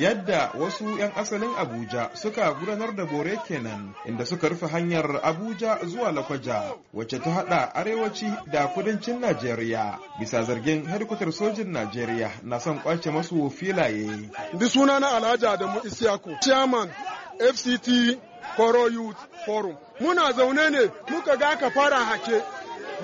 yadda wasu 'yan asalin abuja suka gudanar da bore kenan inda suka rufe hanyar abuja zuwa lakwaja wacce ta hada arewaci da kudancin najeriya bisa zargin hedkwatar sojin najeriya na son kwace masu filaye bi suna na alhaji adamu isiyako chairman fct koro youth forum muna zaune ne muka ga ka fara hake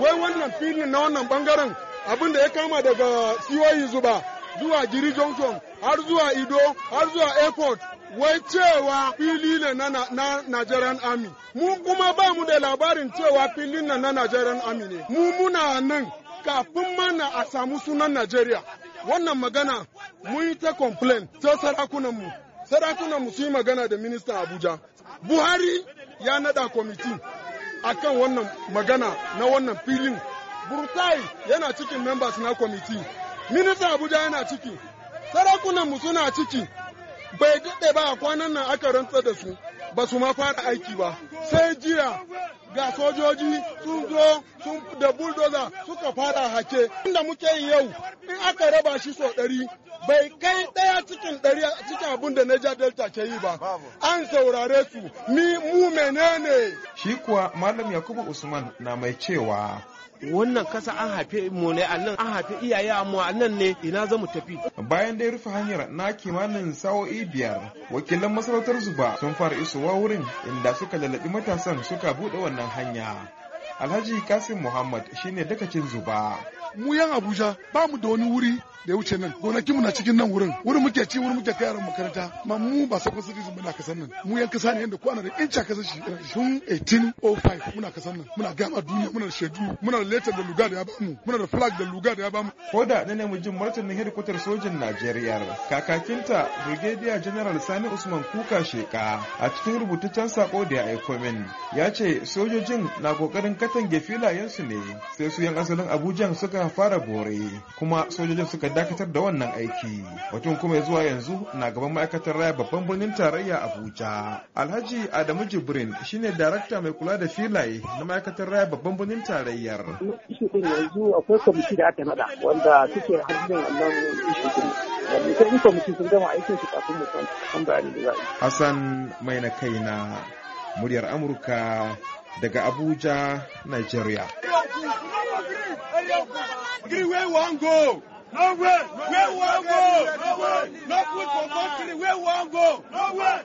wai wannan filin na wannan bangaren abin da ya kama daga siyoyin e zuba zuwa giri junction har zuwa Ido har zuwa airport wai cewa fili ne na, na Nigerian Army. Mu kuma ba mu da labarin cewa filin na na Nigerian Army ne. Mu muna nan kafin mana a samu sunan Najeriya. Wannan magana mun yi ta complain ta sarakunanmu. Sarakunanmu su yi magana da minista Abuja. Buhari ya nada kwamiti akan wannan magana na wannan filin. Burtai yana cikin members na kwamiti. Minista Abuja yana ciki. sarakunan mu suna ciki bai daɗe ba a kwanan nan aka rantsa da su ba su ma fara aiki ba sai jiya ga sojoji sun zo da bulldozer suka fara hake inda muke yau in aka raba shi so ɗari bai kai ɗaya cikin a cikin abin da Niger Delta ke yi ba. An saurare su, ni mu menene. Shi kuwa Malam Yakubu Usman na mai cewa. Wannan kasa an haife mu ne a nan, an haife iyaye amma mu a nan ne ina zamu tafi. Bayan dai rufe hanyar na kimanin sa'o'i biyar, wakilan masarautar zuba sun fara isowa wurin inda suka lalabi matasan suka buɗe wannan hanya. Alhaji Kasim Muhammad shine dakacin zuba. Mu yan Abuja ba mu da wani wuri da ya wuce nan gonakin mu na cikin nan wurin wurin muke ci wurin muke kai makaranta ma mu ba sakon mu muna kasan nan mu yan kasa ne yanda ko ana da inca a kasan shi tun 1805 muna kasan nan muna gama duniya muna da shaidu muna da letter da lugar da ya bamu muna da flag da lugar da ya bamu ko da ne mu jin martanin hedikwatar sojin Najeriya kakakinta Brigadier General Sani Usman Kuka Sheka a cikin rubutaccen sako da ya aiko min ya ce sojojin na kokarin katange filayensu ne sai su yan asalin Abuja suka fara bore kuma sojojin suka dakatar da wannan aiki batun kuma zuwa yanzu na gaban ma'aikatar raya babban birnin tarayya abuja alhaji adamu jibrin shine darakta mai kula da filaye na ma'aikatar raya babban birnin tarayyar yanzu akwai kwamiti da aka nada wanda suke hannun wannan ishu wanda ita in kwamiti sun gama aikin su kafin mu san bayani da za hassan mai na kaina muryar amurka daga abuja nigeria Agree one go. No way! Where we wan go? No way! Not good for country. Where we wan go? No way!